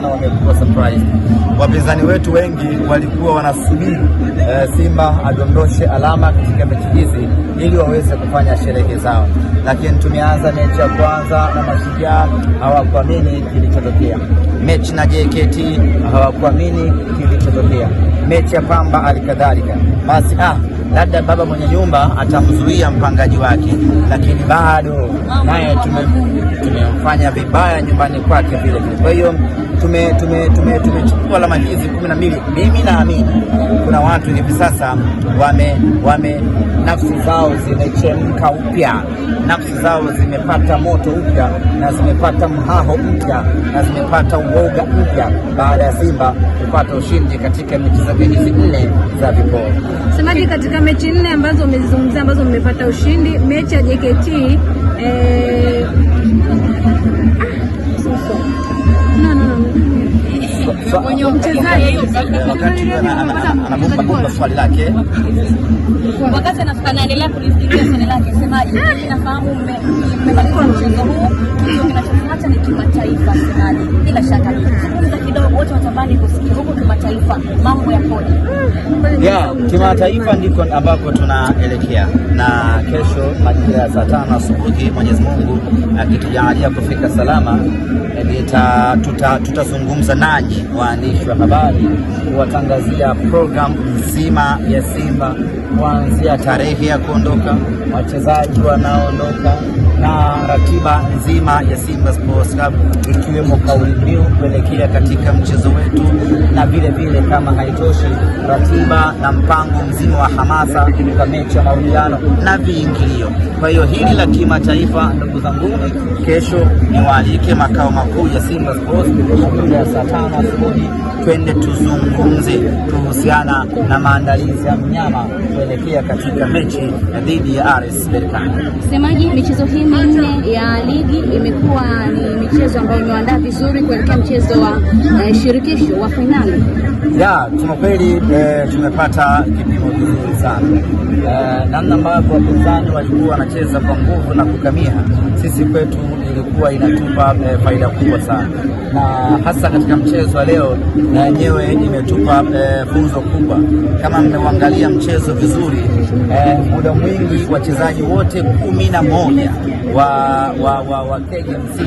sana wamekuwa surprised. Wapinzani wetu wengi walikuwa wanasubiri uh, Simba adondoshe alama katika mechi hizi ili waweze kufanya sherehe zao, lakini tumeanza mechi ya kwanza na Mashujaa, hawakuamini kilichotokea. Mechi na JKT hawakuamini kilichotokea. Mechi ya Pamba alikadhalika. Basi ah labda baba mwenye nyumba atamzuia mpangaji wake, lakini bado naye tumemfanya vibaya nyumbani kwake vile vile. Kwa hiyo tumechukua tume, tume, tume alama hizi kumi na mbili. Mimi naamini kuna watu hivi sasa wame, wame nafsi zao zimechemka upya, nafsi zao zimepata moto upya na zimepata mhaho mpya na zimepata uoga mpya baada ya Simba kupata ushindi katika michezo hizi nne za viporo. Semaji katika kuna mechi nne ambazo umezizungumzia ambazo mmepata ushindi. Mechi ya JKT eh... no, no, no. Swali lake wakati swali lake, Nafahamu mchezo huu kima kimataifa ndiko ambako tunaelekea, na kesho majira ya saa tano asubuhi, Mwenyezi Mungu akitujalia kufika salama, tutazungumza tuta nanyi waandishi wa habari kuwatangazia programu nzima ya Simba kuanzia tarehe ya kuondoka, wachezaji wanaondoka na ratiba nzima ya Simba Sports Club ikiwemo kauli mbiu kuelekea katika mchezo wetu na vile vile kama haitoshi maandishi, ratiba na mpango mzima wa hamasa kwa mechi ya marudiano na viingilio. Kwa hiyo hili la kimataifa, ndugu zangu, kesho niwaalike makao makuu ya Simba Sports ya saa tano asubuhi, twende tuzungumze, kuhusiana na maandalizi ya mnyama kuelekea katika mechi dhidi ya RS Berkane. Msemaji, michezo hii minne ya ligi imekuwa ni michezo ambayo imeandaa vizuri kuelekea mchezo wa uh, shirikisho wa fainali ya yeah, kweli eh, tumepata kipimo kizuri sana eh, namna ambavyo wapinzani walikuwa wanacheza kwa nguvu na kukamia, sisi kwetu ilikuwa inatupa eh, faida kubwa sana, na hasa katika mchezo wa leo na yenyewe imetupa eh, funzo kubwa. Kama mmeuangalia mchezo vizuri eh, muda mwingi wachezaji wote kumi na moja wa, wa, wa, wa KMC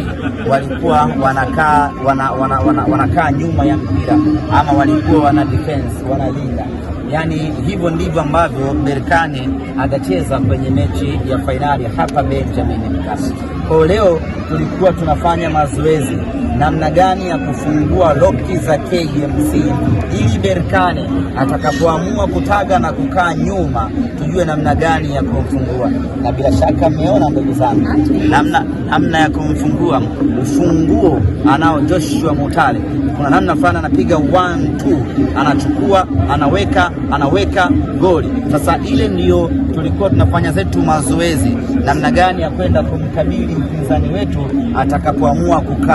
walikuwa wanakaa wana, wana, wana, nyuma ya mpira ama walikuwa wana defense basi wanalinda. Yani hivyo ndivyo ambavyo Berkane atacheza kwenye mechi ya fainali hapa Benjamin Mkapa. Kwa leo tulikuwa tunafanya mazoezi namna gani ya kufungua loki za KMC ili Berkane atakapoamua kutaga na kukaa nyuma tujue namna gani ya kumfungua. Na bila shaka mmeona ndugu zangu, namna namna ya kumfungua ufunguo anao Joshua Mutale. Kuna namna fulani anapiga 1 2 anachukua anaweka anaweka goli. Sasa ile ndiyo tulikuwa tunafanya zetu mazoezi, namna gani ya kwenda kumkabili mpinzani wetu atakapoamua kukaa